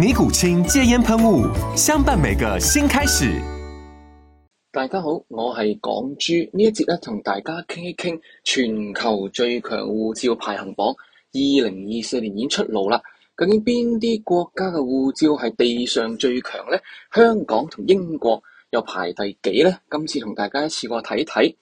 尼古清戒煙噴霧，相伴每個新開始。大家好，我係港豬，呢一節咧同大家傾一傾全球最強護照排行榜，二零二四年已經出爐啦。究竟邊啲國家嘅護照係地上最強呢？香港同英國又排第幾呢？今次同大家一次過睇睇。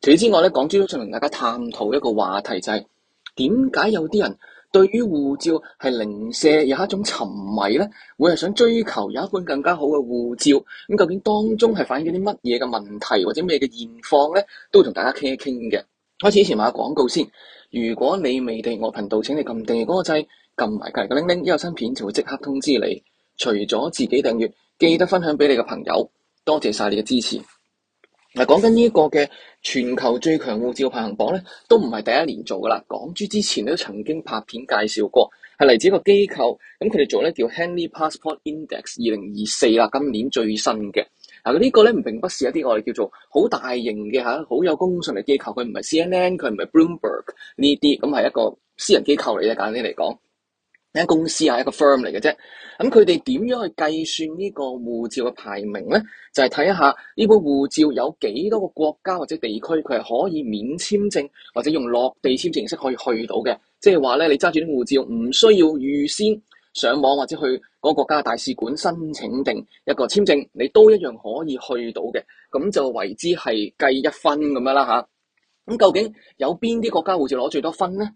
除此之外咧，港豬都想同大家探討一個話題，就是，就係點解有啲人。對於護照係零舍有一種沉迷咧，會係想追求有一本更加好嘅護照。咁究竟當中係反映咗啲乜嘢嘅問題或者咩嘅現況咧，都同大家傾一傾嘅。開始之前話下廣告先。如果你未訂閱我頻道，請你撳訂閱嗰個掣，撳埋隔離個鈴鈴，一有新片就會即刻通知你。除咗自己訂閱，記得分享俾你嘅朋友。多謝晒你嘅支持。嗱，講緊呢一個嘅全球最強護照排行榜咧，都唔係第一年做噶啦。港豬之前都曾經拍片介紹過，係嚟自一個機構。咁佢哋做咧叫 Henley Passport Index 二零二四啦，今年最新嘅。嗱、這個，呢個咧唔並不是一啲我哋叫做好大型嘅嚇，好有公信力機構。佢唔係 CNN，佢唔係 Bloomberg 呢啲，咁係一個私人機構嚟嘅。簡單啲嚟講。一間公司啊，一個 firm 嚟嘅啫。咁佢哋點樣去計算呢個護照嘅排名呢？就係睇一下呢本護照有幾多個國家或者地區，佢係可以免簽證或者用落地簽證形式可以去到嘅。即係話咧，你揸住啲護照，唔需要預先上網或者去嗰個國家大使館申請定一個簽證，你都一樣可以去到嘅。咁就為之係計一分咁樣啦，吓。咁究竟有邊啲國家護照攞最多分呢？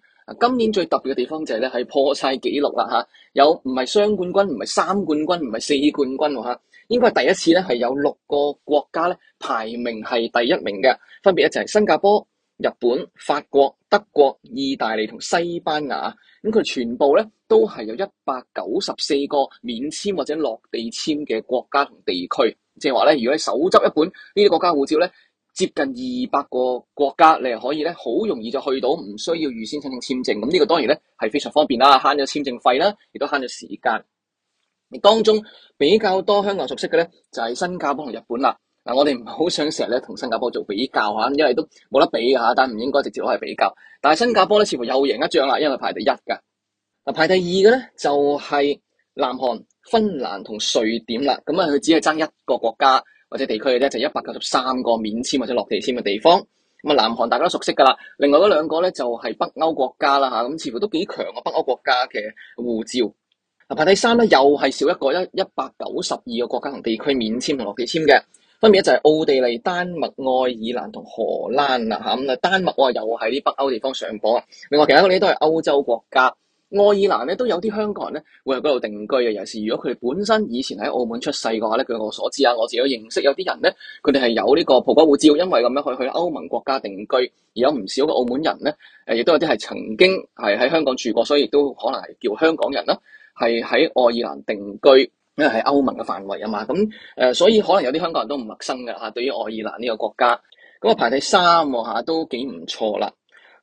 今年最特別嘅地方就係破晒紀錄啦、啊、有唔係雙冠軍，唔係三冠軍，唔係四冠軍喎吓、啊！應該第一次咧，係有六個國家咧排名係第一名嘅，分別一就係新加坡、日本、法國、德國、意大利同西班牙。咁、啊、佢全部咧都係有一百九十四個免簽或者落地簽嘅國家同地區，即係話如果你手執一本呢啲國家護照呢。接近二百個國家，你係可以咧好容易就去到，唔需要預先申請簽證。咁呢個當然咧係非常方便啦，慳咗簽證費啦，亦都慳咗時間。當中比較多香港熟悉嘅咧，就係新加坡同日本啦。嗱，我哋唔好想成日咧同新加坡做比較嚇，因為都冇得比嘅嚇，但係唔應該直接攞嚟比較。但係新加坡咧似乎又贏一仗啦，因為排第一㗎。嗱，排第二嘅咧就係南韓、芬蘭同瑞典啦。咁啊，佢只係爭一個國家。即係地區咧就一百九十三個免簽或者落地簽嘅地方。咁啊，南韓大家都熟悉噶啦。另外嗰兩個咧就係北歐國家啦嚇，咁似乎都幾強嘅北歐國家嘅護照。嗱，排第三咧又係少一個，一一百九十二個國家同地區免簽同落地簽嘅，分別就係奧地利、丹麥、愛爾蘭同荷蘭啦嚇。咁啊，丹麥我又喺啲北歐地方上榜啊。另外其他嗰啲都係歐洲國家。愛爾蘭咧都有啲香港人咧會喺嗰度定居嘅，尤其是如果佢哋本身以前喺澳門出世嘅話咧，據我所知啊，我自己認識有啲人咧，佢哋係有呢個葡國護照，因為咁樣可以去歐盟國家定居，而有唔少嘅澳門人咧，誒亦都有啲係曾經係喺香港住過，所以亦都可能係叫香港人啦，係喺愛爾蘭定居，因為係歐盟嘅範圍啊嘛，咁誒，所以可能有啲香港人都唔陌生嘅嚇、啊，對於愛爾蘭呢個國家，咁啊排第三喎嚇，都幾唔錯啦。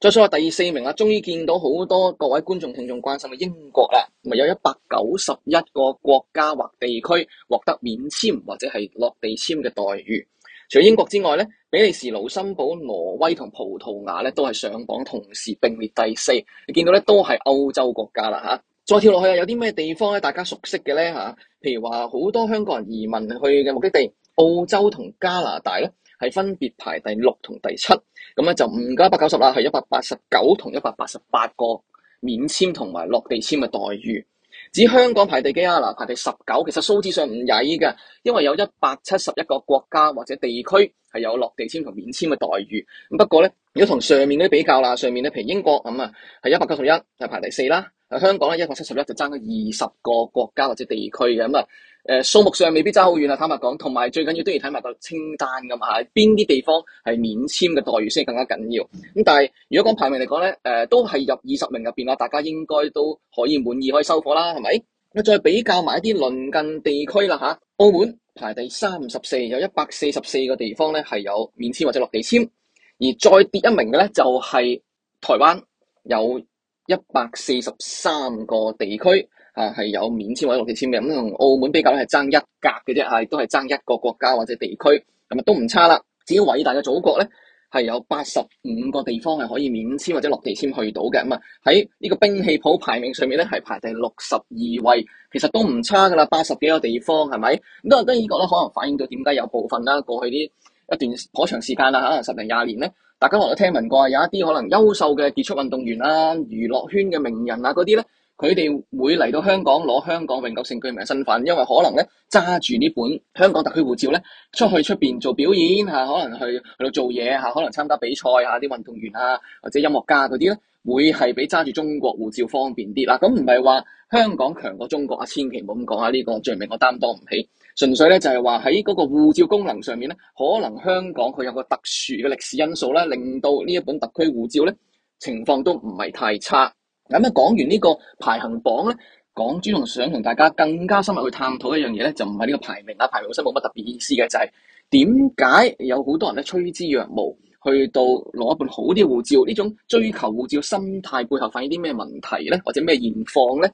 再說下第四名啊，終於見到好多各位觀眾聽眾關心嘅英國啦，咪有一百九十一個國家或地區獲得免簽或者係落地簽嘅待遇。除英國之外咧，比利時、盧森堡、挪威同葡萄牙咧都係上榜，同時並列第四。你見到咧都係歐洲國家啦吓，再跳落去啊，有啲咩地方咧大家熟悉嘅咧吓，譬如話好多香港人移民去嘅目的地澳洲同加拿大咧。係分別排第六同第七，咁咧就唔加百九十啦，係一百八十九同一百八十八個免簽同埋落地簽嘅待遇。至於香港排第幾啊？嗱，排第十九。其實數字上唔曳嘅，因為有一百七十一個國家或者地區係有落地簽同免簽嘅待遇。咁不過咧，如果同上面嗰啲比較啦，上面咧譬如英國咁啊，係一百九十一，就排第四啦。香港咧，一百七十一就爭咗二十個國家或者地區嘅，咁、嗯、啊，誒、呃、數目上未必爭好遠啊。坦白講，同埋最緊要都要睇埋個清單㗎嘛，邊、啊、啲地方係免簽嘅待遇先更加緊要。咁但係如果講排名嚟講咧，誒、呃、都係入二十名入邊啦，大家應該都可以滿意，可以收貨啦，係咪？你再比較埋一啲鄰近地區啦吓，澳門排第三十四，有一百四十四個地方咧係有免簽或者落地簽，而再跌一名嘅咧就係、是、台灣有一百四十三個地區吓，係、啊、有免簽或者落地簽嘅，咁、嗯、同澳門比較咧係爭一格嘅啫，係、啊、都係爭一個國家或者地區，咁、嗯、啊都唔差啦。至於偉大嘅祖國咧係有八十五個地方係可以免簽或者落地簽去到嘅，咁啊喺呢個兵器譜排名上面咧係排第六十二位，其實都唔差噶啦，八十幾個地方係咪？咁啊，當然覺得可能反映到點解有部分啦、啊，過去啲一段頗長時間啦可能、啊、十零廿年咧。大家可能都聽聞過，有一啲可能優秀嘅傑出運動員啊、娛樂圈嘅名人啊嗰啲咧。佢哋會嚟到香港攞香港永久性居民身份，因為可能咧揸住呢本香港特區護照咧，出去出面做表演嚇、啊，可能去去到做嘢嚇、啊，可能參加比賽嚇，啲、啊、運動員啊或者音樂家嗰啲咧，會係比揸住中國護照方便啲啦。咁唔係話香港強過中國啊，千祈唔好咁講啊！呢、這個罪名我擔當唔起，純粹咧就係話喺嗰個護照功能上面咧，可能香港佢有個特殊嘅歷史因素咧，令到呢一本特區護照咧情況都唔係太差。咁啊，講完呢個排行榜咧，港豬同想同大家更加深入去探討一樣嘢咧，就唔係呢個排名啊，排名本身冇乜特別意思嘅，就係點解有好多人咧趨之若鶩去到攞一本好啲護照？呢種追求護照心態背後反映啲咩問題咧，或者咩現況？咧？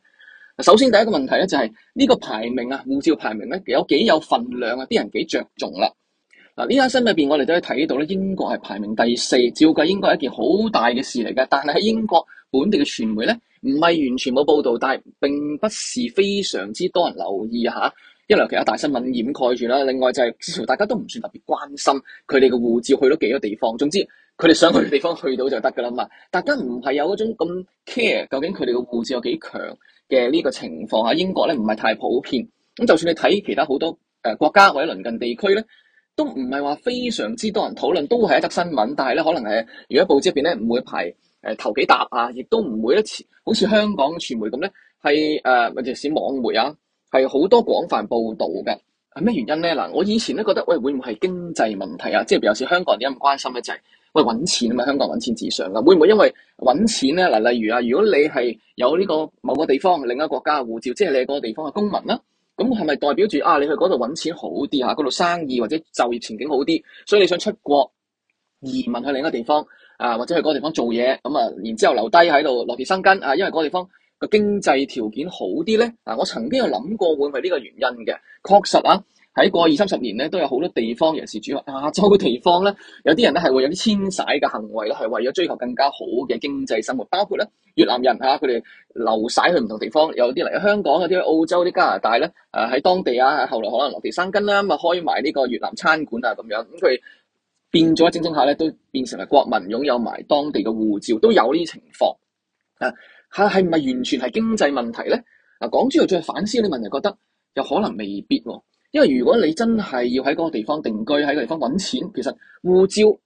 首先第一個問題咧就係呢個排名啊，護照排名咧有幾有份量啊？啲人幾着重啦。嗱，呢單新聞入邊，我哋都可以睇到咧，英國係排名第四。照計，英國係一件好大嘅事嚟嘅，但係喺英國本地嘅傳媒咧，唔係完全冇報道，但係並不是非常之多人留意嚇，因為其他大新聞掩蓋住啦。另外就係似乎大家都唔算特別關心佢哋嘅護照去到幾多個地方。總之佢哋想去嘅地方去到就得㗎啦嘛。大家唔係有嗰種咁 care，究竟佢哋嘅護照有幾強嘅呢個情況下，英國咧唔係太普遍。咁就算你睇其他好多誒國家或者鄰近地區咧。都唔係話非常之多人討論，都係一則新聞，但係咧可能係，如果報紙入邊咧唔會排誒頭、呃、幾搭啊，亦都唔會一次，好似香港傳媒咁咧，係誒或者係網媒啊，係好多廣泛報導嘅。係咩原因咧？嗱，我以前都覺得喂會唔會係經濟問題啊？即係尤其係香港人點解咁關心一、啊、就係、喂揾錢啊嘛，香港揾錢至上啊，會唔會因為揾錢咧？嗱，例如啊，如果你係有呢個某個地方、另一個國家嘅護照，即係你嗰個地方嘅公民啦。咁係咪代表住啊？你去嗰度揾錢好啲嚇，啊，嗰度生意或者就業前景好啲，所以你想出國移民去另一個地方啊，或者去嗰個地方做嘢，咁啊，然之後留低喺度落地生根啊，因為嗰個地方個經濟條件好啲咧？嗱、啊，我曾經有諗過會唔會呢個原因嘅，確實啊。喺過二三十年咧，都有好多地方人士轉落亞洲嘅地方咧，有啲人咧係會有啲遷徙嘅行為咧，係為咗追求更加好嘅經濟生活。包括咧越南人嚇，佢哋流晒去唔同地方，有啲嚟香港、有啲去澳洲、啲加拿大咧，誒喺當地啊，後來可能落地生根啦，咁啊開埋呢個越南餐館啊咁樣。咁佢變咗整整下咧，都變成係國民擁有埋當地嘅護照，都有呢啲情況。啊，係係唔係完全係經濟問題咧？嗱，講之後再反思，你問就覺得又可能未必喎、哦。因為如果你真係要喺嗰個地方定居，喺個地方揾錢，其實護照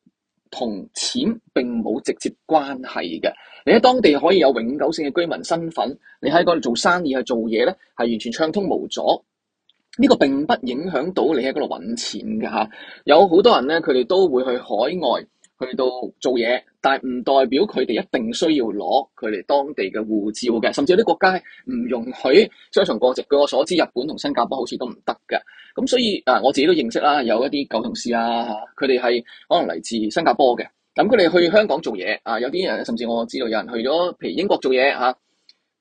同錢並冇直接關係嘅。你喺當地可以有永久性嘅居民身份，你喺嗰度做生意去做嘢咧，係完全暢通無阻。呢、這個並不影響到你喺嗰度揾錢㗎吓。有好多人咧，佢哋都會去海外。去到做嘢，但係唔代表佢哋一定需要攞佢哋當地嘅護照嘅，甚至有啲國家係唔容許雙重國籍。據我所知，日本同新加坡好似都唔得嘅。咁所以啊，我自己都認識啦，有一啲舊同事啊，佢哋係可能嚟自新加坡嘅。咁佢哋去香港做嘢啊，有啲人甚至我知道有人去咗，譬如英國做嘢嚇。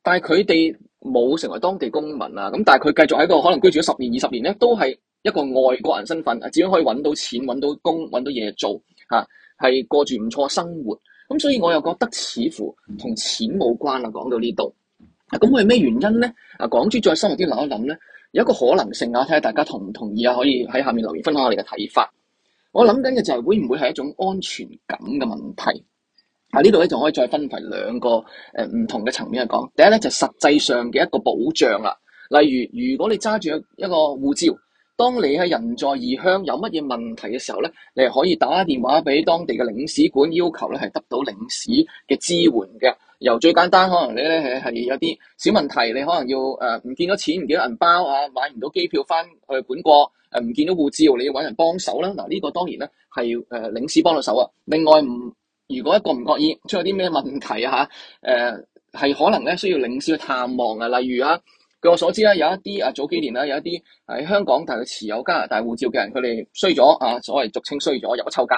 但係佢哋冇成為當地公民啊。咁但係佢繼續喺度，可能居住咗十年、二十年咧，都係一個外國人身份，啊，只能可以揾到錢、揾到工、揾到嘢做嚇。係過住唔錯生活，咁所以我又覺得似乎同錢冇關啦、啊啊啊。講到呢度，咁係咩原因咧？港豬再深入啲諗一諗咧，有一個可能性啊，睇下大家同唔同意啊，可以喺下面留言分享下你嘅睇法。我諗緊嘅就係會唔會係一種安全感嘅問題？啊，呢度咧就可以再分開兩個誒唔、呃、同嘅層面去講。第一咧就係、實際上嘅一個保障啦、啊，例如如果你揸住一一個護照。當你喺人在異鄉有乜嘢問題嘅時候咧，你係可以打電話俾當地嘅領事館，要求咧係得到領事嘅支援嘅。由最簡單可能你咧係係有啲小問題，你可能要誒唔、呃、見咗錢唔見咗銀包啊，買唔到機票翻去本國誒唔、啊、見到護照，你要揾人幫手啦。嗱、啊、呢、個當然咧係誒領事幫到手啊。另外唔如果一個唔覺意出咗啲咩問題啊，誒、呃、係可能咧需要領事去探望啊，例如啊～據我所知咧，有一啲啊早幾年啦，有一啲喺香港但係佢持有加拿大護照嘅人，佢哋衰咗啊，所謂俗稱衰咗入咗臭格，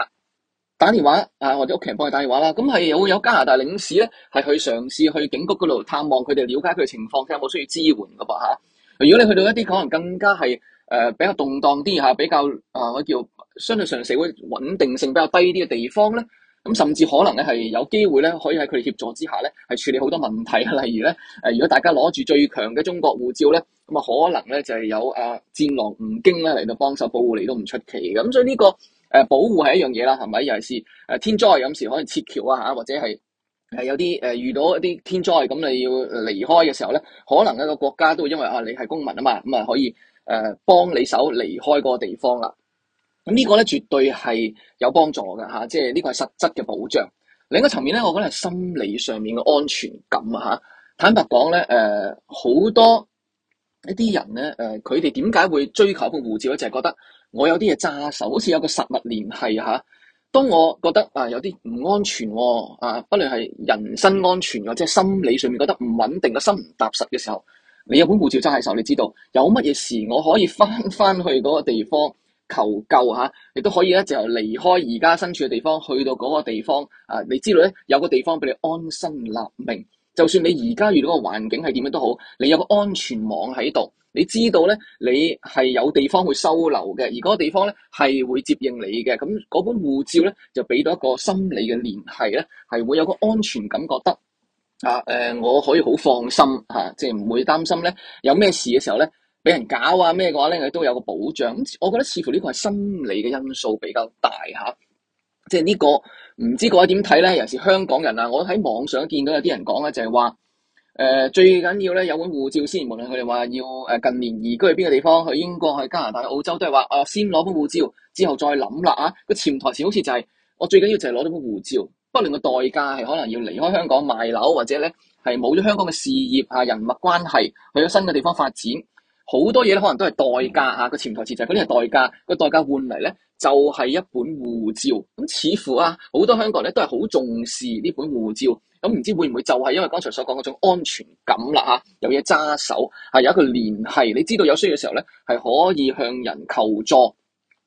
打電話啊或者屋企人幫佢打電話啦，咁係會有加拿大領事咧係去嘗試去警局嗰度探望佢哋，了解佢嘅情況，睇有冇需要支援噶噃吓。如果你去到一啲可能更加係誒、呃、比較動盪啲吓，比較啊我叫相對上社會穩定性比較低啲嘅地方咧。咁甚至可能咧，係有機會咧，可以喺佢哋協助之下咧，係處理好多問題啊！例如咧，誒，如果大家攞住最強嘅中國護照咧，咁啊，可能咧就係有誒戰狼吳京咧嚟到幫手保護你都唔出奇嘅。咁所以呢個誒保護係一樣嘢啦，係咪？尤其是誒天災，有時可能撤僑啊，或者係係有啲誒遇到一啲天災，咁你要離開嘅時候咧，可能一個國家都會因為啊你係公民啊嘛，咁啊可以誒幫你手離開個地方啦。咁呢個咧，絕對係有幫助嘅嚇，即係呢個係實質嘅保障。另一個層面咧，我覺得係心理上面嘅安全感啊嚇。坦白講咧，誒、呃、好多一啲人咧，誒佢哋點解會追求一本護照咧？就係、是、覺得我有啲嘢揸手，好似有個實物聯繫嚇。當我覺得啊有啲唔安全啊，不論係人身安全，或者係心理上面覺得唔穩定嘅心唔踏實嘅時候，你有本護照揸喺手，你知道有乜嘢事我可以翻翻去嗰個地方。求救嚇，你、啊、都可以咧，就離開而家身處嘅地方，去到嗰個地方啊！你知道咧，有個地方俾你安身立命。就算你而家遇到個環境係點樣都好，你有個安全網喺度，你知道咧，你係有地方去收留嘅，而嗰個地方咧係會接應你嘅。咁嗰本護照咧就俾到一個心理嘅聯繫咧，係會有個安全感，覺得啊誒、呃，我可以好放心嚇，即係唔會擔心咧有咩事嘅時候咧。俾人搞啊咩嘅話咧，佢都有個保障。我覺得似乎呢個係心理嘅因素比較大嚇。即係呢個唔知各位點睇咧？尤其是香港人啊，我喺網上見到有啲人講咧，就係話誒最緊要咧有本護照先，無論佢哋話要誒近年移居去邊個地方，去英國、去加拿大、澳洲，都係話誒先攞本護照之後再諗啦。啊，個潛台詞好似就係我最緊要就係攞到本護照，不論個代價係可能要離開香港賣樓，或者咧係冇咗香港嘅事業啊、人物關係，去咗新嘅地方發展。好多嘢咧，可能都係代價嚇，個潛台詞就係嗰啲係代價，個、啊就是、代，代價換嚟咧就係、是、一本護照。咁、嗯、似乎啊，好多香港人咧都係好重視呢本護照。咁、嗯、唔知會唔會就係因為剛才所講嗰種安全感啦嚇、啊，有嘢揸手，係、啊、有一個聯繫，你知道有需要嘅時候咧，係可以向人求助，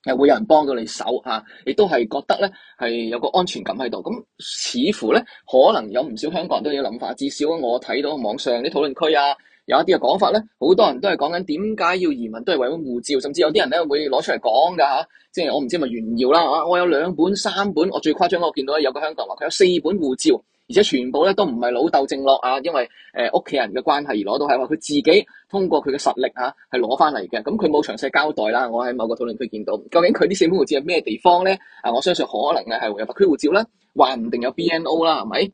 係、啊、會有人幫到你手嚇，亦、啊、都係覺得咧係有個安全感喺度。咁、嗯、似乎咧，可能有唔少香港人都有諗法，至少我睇到網上啲討論區啊。有一啲嘅講法咧，好多人都係講緊點解要移民都係為咗護照，甚至有啲人咧會攞出嚟講㗎嚇，即係我唔知咪、就是、炫耀啦嚇。我有兩本、三本，我最誇張我見到咧，有個香港話佢、啊、有四本護照，而且全部咧都唔係老竇正落啊，因為誒屋企人嘅關係而攞到係話，佢自己通過佢嘅實力嚇係攞翻嚟嘅。咁佢冇詳細交代啦，我喺某個討論區見到，究竟佢啲四本護照係咩地方咧？啊，我相信可能嘅係有白區護照啦，話唔定有 BNO 啦，係咪？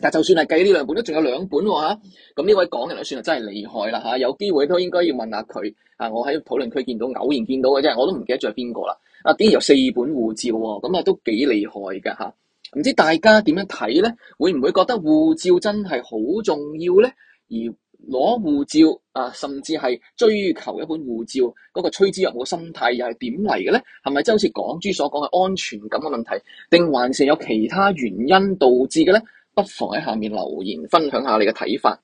但就算係計呢兩本都仲有兩本喎，咁呢位講嘅都算係真係厲害啦嚇、啊，有機會都應該要問下佢。啊，我喺討論區見到偶然見到嘅啫，我都唔記得咗係邊個啦。啊，竟然有四本護照喎，咁啊都幾厲害嘅嚇。啊，唔知大家點樣睇咧？會唔會覺得護照真係好重要咧？而攞護照啊，甚至係追求一本護照嗰個趨之若鶩嘅心態又係點嚟嘅咧？係咪真係好似港豬所講嘅安全感嘅問題，定還是有其他原因導致嘅咧？不妨喺下面留言分享下你嘅睇法。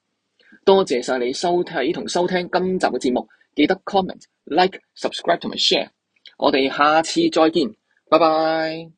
多謝晒你收睇同收聽今集嘅節目，記得 comment、like、subscribe 同埋 share。我哋下次再見，拜拜。